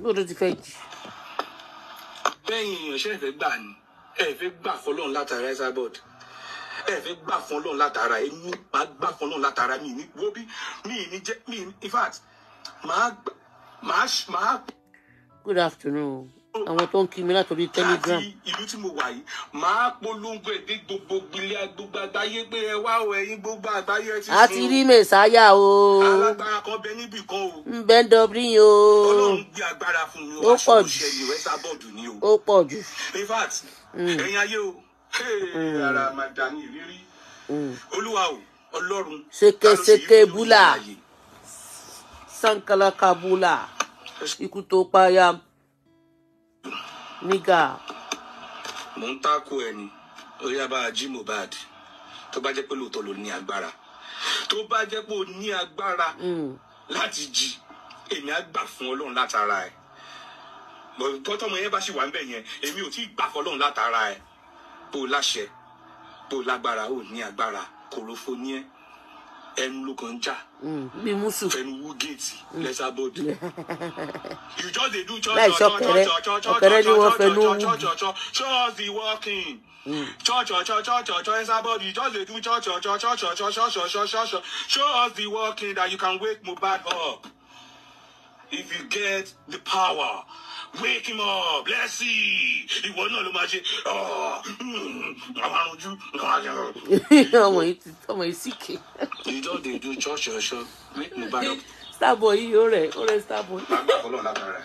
gbọ́dọ̀ ti fẹ́ jì. bẹ́ẹ̀ èèyàn ṣe gbà ni ẹ fẹ́ gbà fún ọlọ́run látara Esabod ẹ fẹ́ gbà fún ọlọ́run látara èmi máa gbà fún ọlọ́run látara mi ní wo mi ní jẹ́ mi in fact máa máa. good afternoon àwọn tó ń kí mi látòrí telegram. láti ìlú tí mo wà yìí máa polongo èdè gbogbo gbilẹ̀ gbogbo àgbáyé pé ẹ wá o ẹ̀yin gbogbo àgbáyé ti sùn. a ti rí mẹ̀sáyà o. alágbára kan bẹ níbì kan o. ń bẹ ń dọbí o. ọlọ́run gbé agbára fún mi o aṣọ òṣèlú ẹ̀ sábọ̀dù ni o. ó pọ̀ jù. in fact hmm. ẹ̀yin ayé o hmm. ara màdà ní ìrírí hmm. olúwa o ọlọ́run. sekeseke bula Sankala kabula. ikú tó payá nígà. mo ń tako ẹ ni orí abára jí Mohbad tó bá jẹ́ pé lóòótọ́ ló ní agbára tó bá jẹ́ pé ó ní agbára hmm. láti jí èmi á gbà fún Ọlọ́run látara ẹ̀ tọ́tọ́mọ yẹn bá sì wà níbẹ̀ yẹn èmi ò tí ì gbà fọlọ́run látara ẹ̀ bó láṣẹ bó lágbára ò ní agbára kòròfo ní ẹ ẹnu ló kàn ń jà hmm. fẹnu wú géètì hmm. lẹ́sàbọ̀dì láì ṣọ̀kẹ̀rẹ̀ ọ̀kẹ̀rẹ̀ ni wọ́n fẹnu wù. church is working. Church, church, church, church, church, somebody just dey do church, church, church, church, church, Show us the working that you can wake Mohbad up. If you get the power, wake him up. Let's see. Ìwọ náà ló máa ṣe àwọn arúnjú. Ọmọ you. ti ọmọ yìí sì ké. You just dey do church, church, church, wake Mohbad up. Starboy yìí ó rẹ̀ ó rẹ̀ Starboy. Màá gbà fọlọ́ lágbára rẹ̀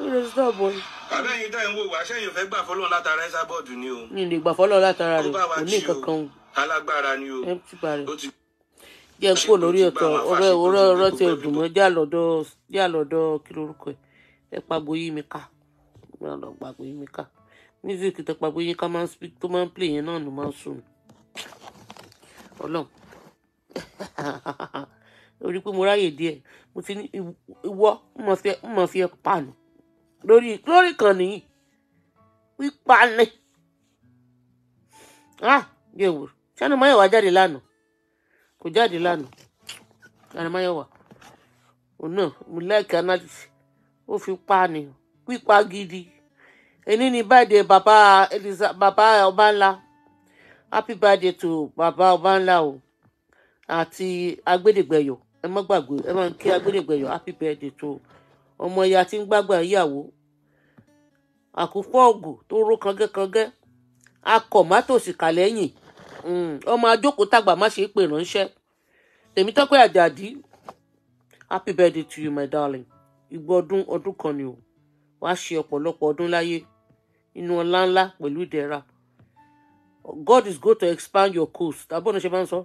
ló ń sọ bọ. àbẹ́yìn dá ìwọ wà sẹ́yìn fẹ́ gbà fọlọ́run látara ẹ́sà bọ́ọ̀dù ni o. mi ò lè gbà fọlọ́run látara rẹ̀ kò ní kankan o. alágbára ni o. ẹ ti parí jẹ́ kó lórí ọ̀tọ̀ ọ̀rọ̀ ọ̀rọ̀ ọ̀rọ̀ tí ọ̀dùn mọ́ jẹ́ àlọ́dọ̀ jẹ́ àlọ́dọ̀ kí lorúkọ ẹ̀ ẹ pagbo yí mi ká lọ pagbo yí mi ká music tó pagbo yí ká máa ń speak tó máa ń play yẹn náà ló máa ń sùn ọlọ́run orí pé mo ráyè díẹ̀ mo ti ní ìwọ mo fi ẹ pààlù lórí lórí ìkànnì pípa ni. ah yẹ wò sani mayowa jáde lánàá kò jáde lánàá sani mayowa òun náà mo like analysis ó fi pa ni pípa gidi èyí ni birthday bàbá eliza bàbá ọba ńlá happy birthday to bàbá ọba ńlá o àti agbẹdẹgbẹyọ ẹ má gbàgbé ẹ má kí agbẹdẹgbẹyọ happy birthday to ọmọ ìyá tí ń gbágbà ìyàwó àkúfọ́ tó ró kangẹ́kangẹ́ akọ̀ má tòsí hmm, ọmọ ajókòó tàgbà má ṣe é pè ránṣẹ́ Tèmítọ́pẹ́ Àjàdí happy birthday to you my darling ìgbọ́ ọdún ọdún kan ni o wàá ṣe ọ̀pọ̀lọpọ̀ ọdún láyé inú ọlá ńlá pẹ̀lú ìdẹ̀ra God is going to expand your course. abọ́nà ṣe máa ń sọ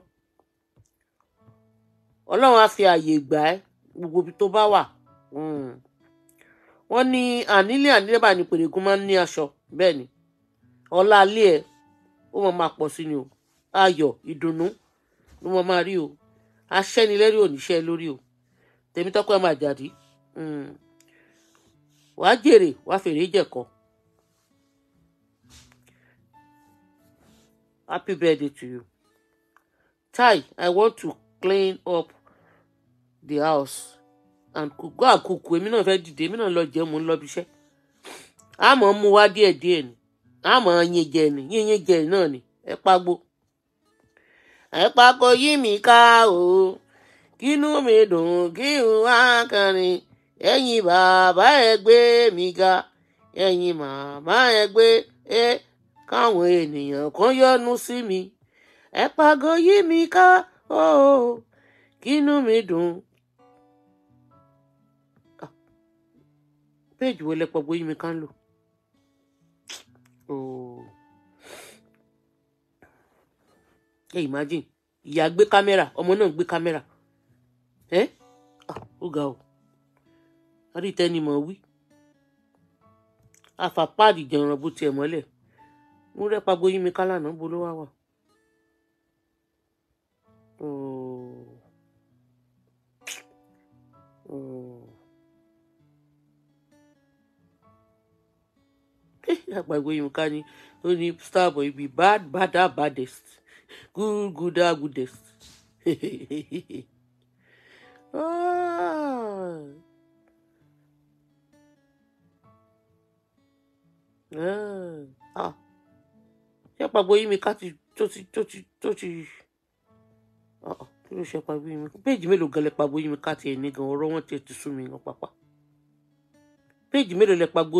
ọlọ́run á fi àyè gbà ẹ́ gbogbo ibi tó bá wà Hmm. wọ́n ní ànílé ànílé bá ní pèrègùn máa ń ní aṣọ bẹ́ẹ̀ ni ọlá alẹ́ ẹ̀ ó mọ̀ máa pọ̀ sí ni o ayọ̀ ìdùnnú ló mọ̀ máa rí o aṣẹ́nilẹ́rí ò níṣẹ́ lórí o tèmítọ́pẹ́ máa jàdí hmm. wàá jèrè wàá fèrè jẹ̀kọ́. Happy birthday to you. Tai, I want to clean up the house àkókò àkókò èmi náà fẹ́ dìde èmi náà lọ jẹun mò ń lọ bíṣẹ́ àmọ́ mú wá díẹ̀ díẹ̀ ni àmọ́ yín jẹ ni yín yín jẹ náà ni ẹ pàgbó ẹ pàgbó yí mi ká o kínú mi dùn kí n wá kàrin ẹ̀yin bàbá ẹ gbé mi ga ẹ̀yin màmá ẹ gbé ẹ káwọn ènìyàn kan yọ́nú sí mi ẹ pàgọ́ yí mi ká o kínú mi dùn péèjì wo lẹ́pọ̀ gbóyún mi kán lò ẹ imagine ìyá gbé kámẹ́rà ọmọ náà gbé kámẹ́rà ẹ ah, ó ga o arítẹ́nimọ̀ wí àfàpáàdì jẹ̀ràn bó tiẹ̀ mọ́lẹ̀ ń rẹ́pa gbóyún mi kálànà bó ló wá wà. Oh. Oh. àpàgbé yunká ni ó ní starboy be bad badder baddest good gooder ah, goodest. ah. ah ṣé àpàgbé yìí mi ká ti tó ti tó ti tó ti ah, ah. kí ló ṣe àpàgbé yìí mi péjì mélòó gan lẹ pàgbé yìí mi ká tiẹ̀ ní gan ọ̀rọ̀ wọn tiẹ̀ ti sú mi gan pàpà péjì mélòó lẹ pàgbó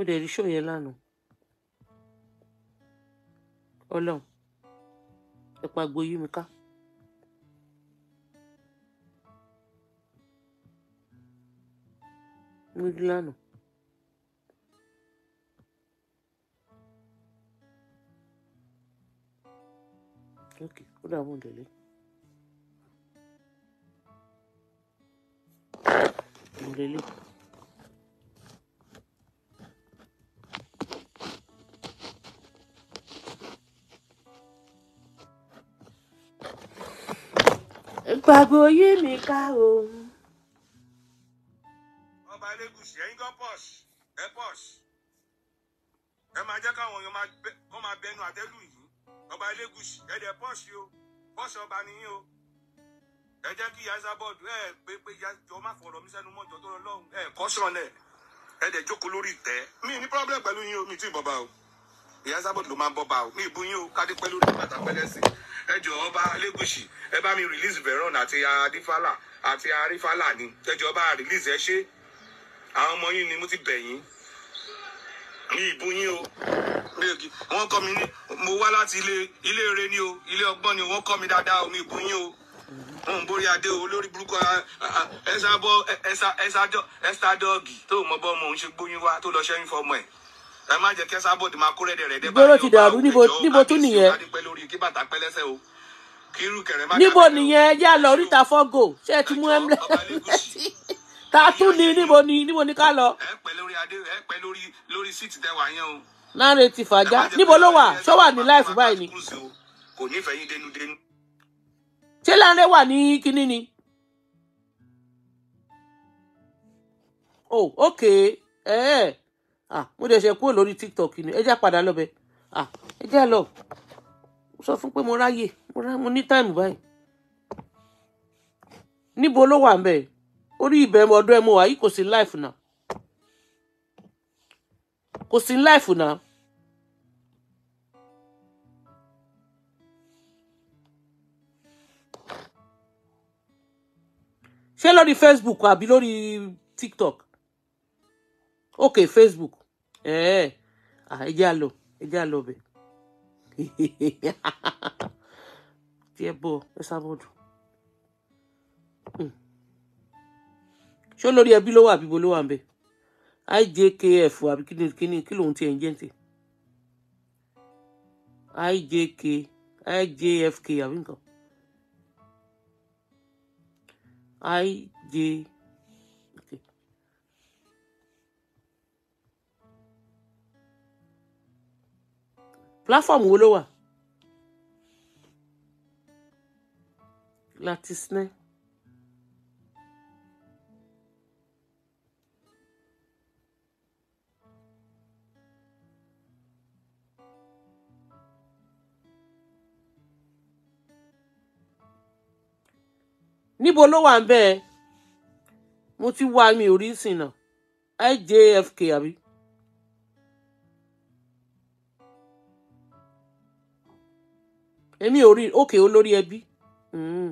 mo dẹ̀ rí ṣó yẹn lánàá ọlọ́run ẹ pa gboyún mi ká. mo rí lánàá. ok ó dààmú ìdẹ̀lẹ́. ìdẹ̀lẹ́. gbàgbó yí mi ká o. ọba elégùsì ẹ̀yin gan pọs ẹ pọs ẹ máa jẹ́ káwọn èèyàn wọn máa bẹnu àtẹ́lù yìí ọba elégùsì ẹ dẹ pọs o pọs ọba nìyí o ẹ jẹ́ kí yasa bọọdù ẹ pé pé yasọ má fọ̀rọ̀ mi sẹ́nu mọjọ tó lọ lọhùn ẹ kọsàn ẹ ẹ dẹ jókòó lórí ìtẹ́ mi ní pọblẹ pẹ̀lú yín o mi tún ìbọba o yasa bọọdù ló máa ń bọba o mi ìbú yín o kádé pẹ̀lú rẹ bàtà pẹlẹsì ẹ jọ̀ọ́ ọba Elégùṣì ẹ bá mi release Veron àti adifala àti arifala ni ẹ jọ̀ọ́ ọba release ẹ ṣe àwọn ọmọ yín ni mo ti bẹ̀ yín mi ìbú yín o wọ́n kọ́ mi ní mo wá láti ilé ilé eré ni o ilé ọgbọ́n ni o wọ́n mi dáadáa o mi ìbú yín o wọn borí adé olórí burúkú ẹsà bọ ẹsà ẹsà ẹsà dọgì tó mọ bọ ọmọ òun ṣe gbóyún wá tó lọ ṣẹyìn fọmọ ẹ ẹ má jẹ́ kẹsà bòdì máa kó rẹdẹ rẹdẹ báyìí gbọdọ ti dàrú níbo níbo tún nìyẹn níbo nìyẹn yà lọ oríta fọgò ṣé ẹ ti mú ẹmílẹ ta tún ni níbo ni níbo ni ká lọ. ẹ pẹ lórí adé ẹ pẹ lórí lórí síìtì tẹwàá yẹn o. láre ti fàájà níbo ló wà ṣó wà ní láìfù báyìí ni. kò nífẹ̀ẹ́ yín dénúdénú. ṣé láre wà ní kinní ni. oh okay. Eh. eh ah mo dẹ̀ ṣe kúrò lórí tiktok ni ẹ já padà lọ́bẹ̀ ah ẹ já lọ mo sọ fún pé mo ráyè mo ní táìmù báyìí níbo ló wà mbẹ orí ibẹ̀ ọdún ẹ mo wà yìí kò sí láìfù náà kò sí láìfù náà. ṣé lórí facebook àbí lórí tiktok ok facebook ẹ eh, ah, ẹ jẹ́ àlọ́ ẹ jẹ́ àlọ́ bẹ̀ díẹ̀ bọ̀ ẹ abilo hmm. ṣé olórí ambe, ló wà àbí bo ló wà ń bẹ ijkf àbí kíni kíni kí lòun ti ẹ̀ ń jẹ́ ǹtẹ̀ ijk ijfk àbí nǹkan ij. platform wo ló wà láti sinẹ́. níbo ló wà ń bẹ́ẹ̀ mo ti wá mi ò sìn náà ijfk àbí. èmi ò rí òkè olórí ẹbí. Mm.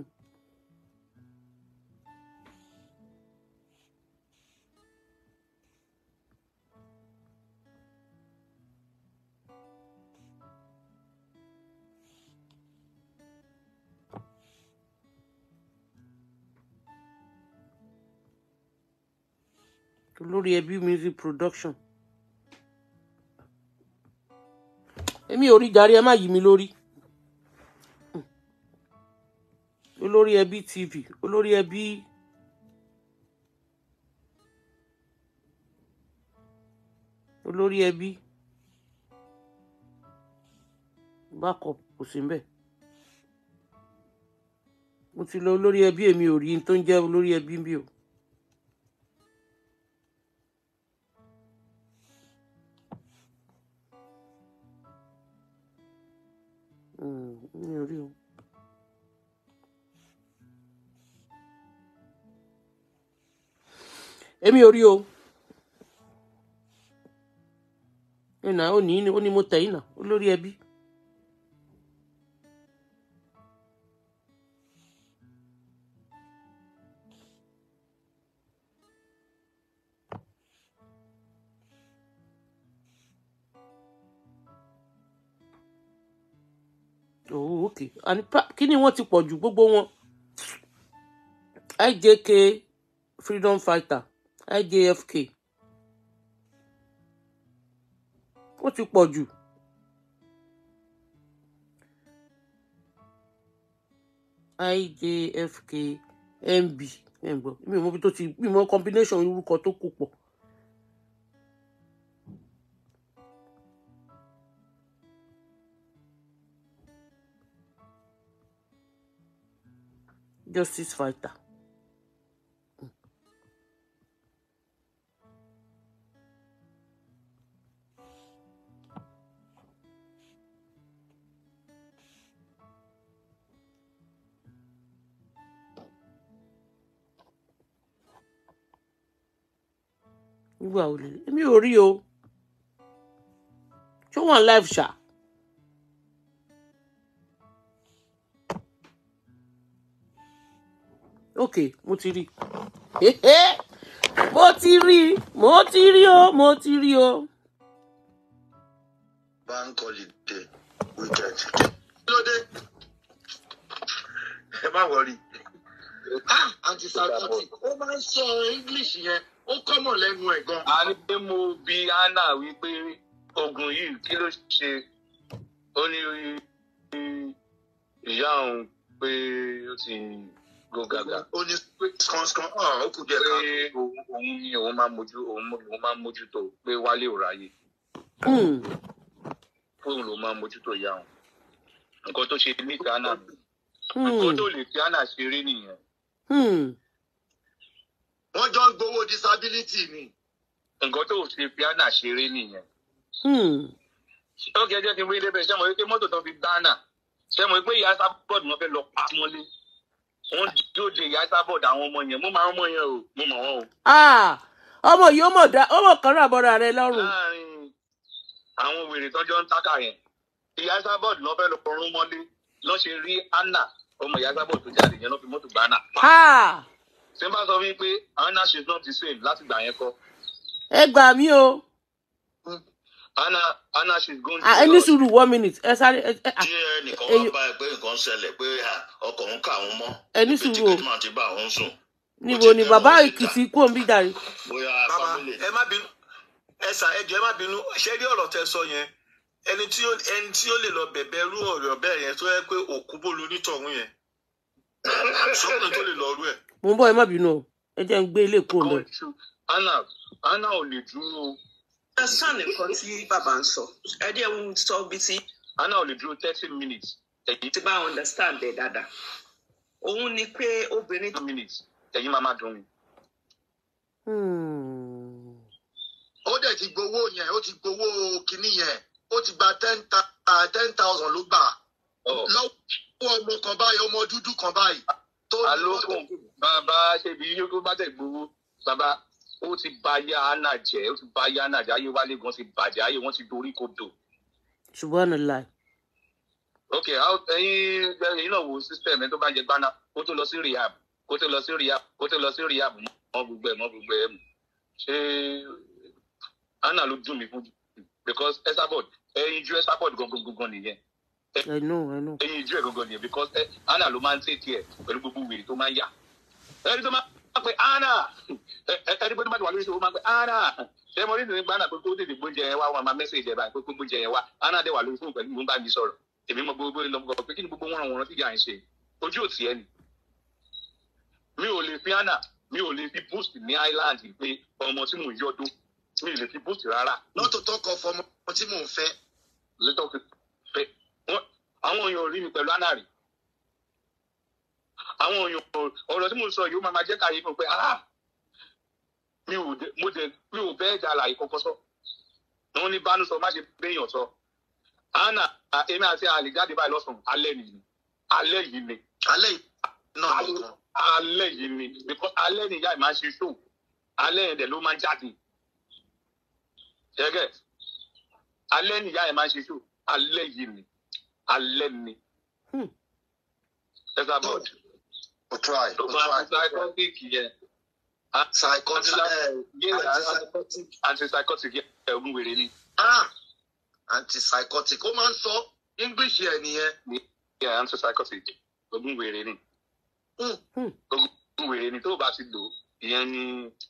olórí ẹbí music production èmi ò rí jàre ẹ má yí mi lórí. olórí ẹbí tv olórí ẹbí olórí ẹbí backup kò sí mbẹ mo ti lọ olórí ẹbí èmi ò rí tó ń jẹ olórí ẹbí mi o. Mm, mi ò èmi ò rí o ìnà ó ní ó ní mo tẹ̀ ìnà olórí ẹbí. oh okay and kí ni wọ́n ti pọ̀ ju gbogbo wọn IJK freedom fighter IJFK ó ti pọ̀ jù. IJFK MB ẹ̀ ń gbọ́ mi ò mọ bí tó ti mi ò mọ combination orúkọ tó kù pọ̀. Justice Fighter. wíwá olè èmi ò rí o ṣó wọn live ṣá. ok mo ti rí mo ti rí mo ti rí o mo ti rí o. bank holiday weekend kí ló dé ẹ má wọrí ah àǹtí sàkàtì ó máa ń sọ english yẹn ó kọ́mọ̀ lẹ́nu ẹ̀ gan. a ní pé mo bi anna wípé oògùn yìí kí ló ṣe ó ní ìyá òun pé ó ti go gàgà. ó ní pé skankan ah, ó kù díẹ̀ ká. pé òun ni òun máa mójú òun máa mójútó pé wálé ò ráyè. Hmm. ló máa mójútó ìyá òun nǹkan tó ṣe ní ghana hmm. nǹkan tó lè fi ghana ṣeré nìyẹn. Hmm wọ́n jọ ń gbowó disability ni. nǹkan tó ṣe Rihanna ṣeré nìyẹn. ó hmm. gẹ́gẹ́ kí wí débẹ̀ ṣé mo rí pé mọ́tò tó fi gánà ṣé mo rí pé ìyá sábọ̀dù wọn fẹ́ lọ pa wọn lé wọn jóde ìyá sábọ̀dù àwọn ọmọ yẹn mo máa ń mọ yẹn o mo mọ̀ wọn o. Ah! ọmọ yìí ó mọ̀ dá ó mọ̀ kán ràbọ̀ra rẹ lọ́rùn. àwọn wèrè tọ́jọ́ ń tákà yẹn ìyá sábọ̀dù wọn fẹ́ lọ rún mọ́lé lọ́ Anna ọmọ ìyá sábọ̀dù tó jáde yẹn lọ́ fi tí n bá sọ wípé Hannah she is not the láti gbà yẹn kọ́. ẹ gbà mí o. Hannah hmm. Hannah she going to. Ah, ẹ sùúrù one minute ẹ sáré. tí ah. ẹnìkan wá bá pé nǹkan ṣẹlẹ̀ pé ọkọ̀ ń kà wọ́n mọ́. ẹ sùúrù o ibi tí kìtìmọ̀ ti bá òun sùn. níbo ni bàbá èkìtì kú òun bí dàrí. bóyá family. ẹ má bínú ẹ sà ẹ jọ ẹ má bínú ṣé rí ọ̀rọ̀ tẹ sọ yẹn ẹni tí ó ẹni tí ó lè lọ bẹ̀bẹ̀ rú ọ̀rọ̀ bẹ́ẹ̀ yẹn tó yẹ pé òkú bó lo onítọ̀hún mo ń bọ̀ ẹ má bínú o ẹ jẹ́ ń gbé ilé kúrò lọ. anna anna ò lè dúró. understand nǹkan tí bàbá ń sọ ẹ díẹ̀ ń sọ bí ti. anna ò lè dúró thirty minutes. èyí ti bá understand ẹ dáadáa òun ni pé obìnrin. thirty minutes ẹ̀yin máa máa dùn mí. Hmm. ó dẹ̀ ti gbowó yẹn ó ti gbowó kinní yẹn ó ti gba ten ten thousand ló gbà oh. lọ́wọ́ ọmọ kan báyìí ọmọ dúdú kan báyìí alókùn bàbá ṣèbí yóò tó bá tẹ̀ gbowó bàbá ó ti ba ya ana jẹ́ ó ti ba ya ana jẹ́ ayé wálé gan ti bàjẹ́ ayé wọn ti dorí kodò. ṣùgbọ́n ní láì. ok ẹyin ẹyin náà wo system ẹ tó bá jẹ gbaná kó tó lọ sí rehab kó tó lọ sí rehab kó tó lọ sí rehab mọ gbogbo ẹ mọ gbogbo ẹ mu ṣé ana ló dùn mí fún because Esabod ẹyin ju Esabod gangan gangan nìyẹn ẹnu ẹnu. ẹyin ìjú ẹ gọgọ nìyẹn because ẹ eh, anna ló máa ń ṣe tiẹ̀ pẹ̀lú gbogbo wèrè tó máa ń yà ẹni tó máa pe anna ẹni tó máa wà lórí ìṣòro máa pe anna ṣé mo rí ìdílé gba anna pé kó tètè gbóúnjẹ yẹn wá wọn máa mẹsẹgì ẹ báyìí pé kó gbóúnjẹ yẹn wá anna dẹ wà lórí fóònù pẹ̀lú ìgbóhùn bá mi sọ̀rọ̀ èmi mọ gbogbo ìlọmọgbọ pé kí ni gbogbo wọn wọn ti yà ń ṣe ojú òtí ẹni mi ò lè fi anna mi ò lè fi boost ní island pé ọmọ tí mò ń yọdún mi ò lè fi boost rárá. lọ́tò tó kọ fọmọ tí mò ń fẹ́. lẹ́tọ̀ àwọn èèyàn rí mi pẹ̀lú anari àwọn èèyàn ọ̀rọ̀ tí mo sọ yìí ó máa ma jẹ́ káyé fún pé ah mi ò mo dẹ̀ mi ò bẹ́ẹ̀ jà láì kọ́kọ́ sọ wọn ní bánú sọ má ṣe béèyàn sọ anna èmi àti àlè jáde báyìí lọ́sàn-án alẹ́ nìyí alẹ́ yìí ni alẹ́ yìí náà nìkan alẹ́ yìí ni because alẹ́ ni ìyá ìmáa ṣe show alẹ́ yẹn dẹ̀ ló máa jáde ṣẹ́gẹ̀ alẹ́ ni ìyá ìmáa ṣe show alẹ́ yìí ni alẹ́ ni. ẹ̀ka bọ́ọ̀d. o try o try. ló máa ah, psychotic yẹn. psychotic eh, antipsychotic yẹn ẹ̀rù wèrè ni. Ah, antipsychotic ó máa ń sọ english yẹn nìyẹn. yẹn antipsychotic ogun wèrè ni. Hmm. Hmm. ogun wèrè ni tó o bá ti lò ó ìyẹn ni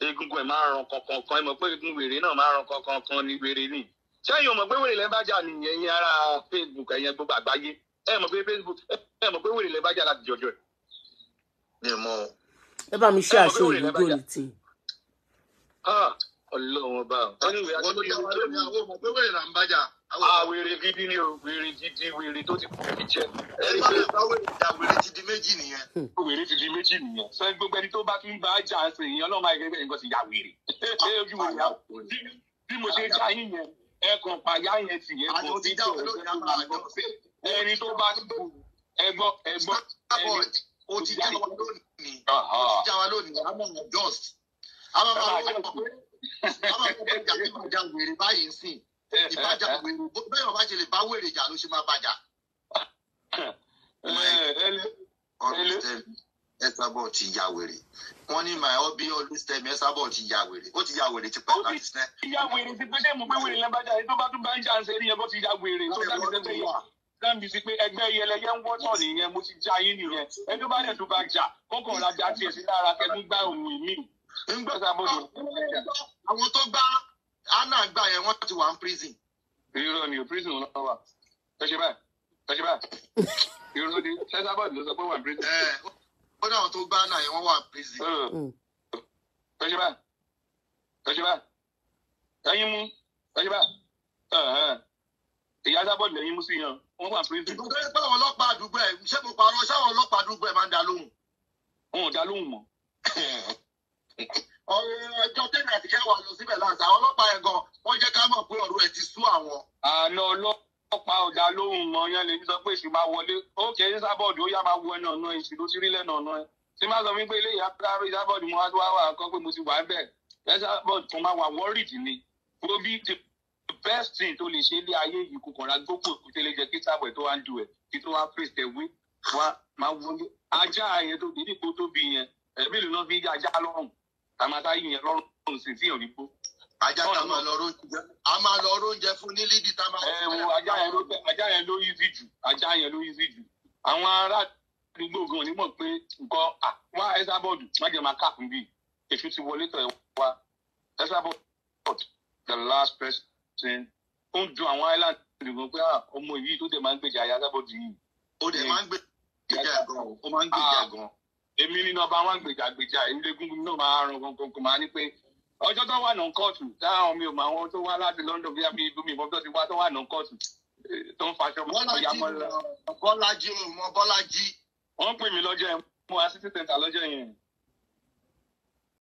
egungun ẹ̀ máa ń ran kankan kan ẹ mọ̀ pé egungun wèrè náà máa ń ran kankan kan ni wèrè ni sẹ́yìn ọmọ pé wèrè lẹ́ bá jà nìyẹn yẹn ara Facebook ẹ̀yẹn gbogbo àgbáyé ẹ mọ̀ pé Facebook ẹ mọ̀ pé wèrè lẹ́ bá jà láti jọjọ́ ẹ̀. mi mọ. ẹ bá mi ṣe àṣẹ ìlú gòlì tì. ọlọ́run ọba anyway àti wọ́n yóò tó ní àwọn ọmọ pé wèrè là ń bá jà. àwèrè ah, gidi ni o wèrè gidi wèrè tó ti kú fi jẹ. ẹ bá mi bá wèrè jà wèrè ti di méjì nìyẹn. Hmm. wèrè ti di méjì nìyẹn. sọ gbogbo ẹni tó bá tún bá jà sí ìyẹn ọlọ́run àìkẹ́ bẹ́ẹ̀ nǹkan ti yà wèrè. bí mo ṣe já yín yẹn ẹ kàn pàyà yẹn sì yẹn kò sí tó ẹni tó bá kú ẹgbọ́n ẹgbọ́n ẹni ó ti já wa lónìí ó ti já wa lónìí àmọ́ just àmọ́ máa wọ́n pọ̀ pé àmọ́ pé jàdìbàjà wèrè báyìí sìn ìbàjà wèrè bẹ́ẹ̀ wọ́n bá ṣe lè bá wèrè jà ló ṣe máa bàjà. Esabod ti ya wèrè wọ́n ní my hobby always tell me Esabod ti ya wèrè ó ti ya wèrè ti pẹ́ láti sinẹ́. ó ti ya wèrè ti pẹ́ dẹ́mu pé wèrè lẹ́bàjá yìí tó bá tún bá ń jàǹsẹ̀ rí yẹn bó ti ya wèrè tó dábì sẹ́gbẹ́ yẹn dábì sí pé ẹgbẹ́ yẹlẹyẹ ń wọ́tọ̀ nìyẹn mo ti já yín nìyẹn ẹni tó bá dẹ̀ tó bá jà kókò rajà tiẹ̀ sí lára kẹ́tún gbá òun ìmí. àwọn tó gbá anna gbà yẹn wọ́n ti wà ní prison. irọ́ ni prison náà wà ẹ ṣe báyìí ẹ ṣe báyìí irọ́ ni Esabod ló sọ pé wà ní prison wọ́n náà tó gbá náà yẹn wọ́n wà prison. ọjọ́ bá ọjọ́ bá ẹyin mú ọjọ́ bá ìyá sábọ̀ lẹ́yìn mú sí yan wọ́n wà prison. ìdúgbò ẹ báwọn ọlọ́pàá àdúgbò ẹ ṣé mo parọ́ ṣáwọn ọlọ́pàá àdúgbò ẹ máa ń dá lóhùn. wọn ò dá lóhùn mọ́. ọjọ́ tẹ́lẹ̀ àtijọ́ wà lọ síbẹ̀ láti àwọn ọlọ́pàá ẹ̀ gan wọ́n jẹ́ ká mọ̀ pé ọ̀rọ̀ ẹ̀ ti sú àwọn. àná ọlọ́pàá ọ̀dà lóhùn ọ̀yàn lèmi sọ pé èsì máa wọlé ókè sábọ̀dù ó yá máa wọ ẹnu ọ̀nà èsì ló ti rí lẹ́nu ọ̀nà ẹ̀ tí má sọ wípé ilé ìyára sábọ̀dù mo wá tó wá kọ́ pé mo ti wà ń bẹ̀ sábọ̀dù tó máa wà worried ni gbóbi ti best thing tó lè ṣe ilé ayé yìí kò kọ̀ra gbogbo òkútélé jẹ kí sábọ̀ tó wá ń du ẹ̀ kí tó wá praise the win wá máa wọlé ajá yẹn tó dé nípò tóbi ajá tá a máa lọ róúnjẹ a máa lọ róúnjẹ fún ní lídìí tá a máa. ẹ wo ajá yẹn ló ajá yẹn ló easy jù ajá yẹn ló easy jù àwọn ará àdúgbò gan onímọ̀ pé nǹkan wá ẹsàbọ̀dù májèlé máa kà fún bíi èṣù ti wọlé tọ̀ ẹ̀ wá ẹsàbọ̀dù the last person ó ń dun àwọn island gan pé ọmọ yìí tó dẹ̀ máa ń gbèjà ayé ẹsàbọ̀dù yìí. ó dẹ̀ máa ń gbèjà gan ó máa ń gbèjà gan. èmi ní nọmba wọn gbèjà gbèjà èmi lé gúngun náà máa rán gangan kò máa ní pé ọjọ́ tó wà náà kóòtù táwọn mi ò mọ àwọn tó wá láti London bí abí ibùmí ìbọn tó ti wá tó wà náà kóòtù eh, tó ń faṣọ mọ́ ìyàmọ́ lọ. Bọ́lájí mo mọ Bọ́lájí. Wọ́n pè mí lọ́jọ́ yẹn mo wá sí tẹ̀sán lọ́jọ́ yẹn.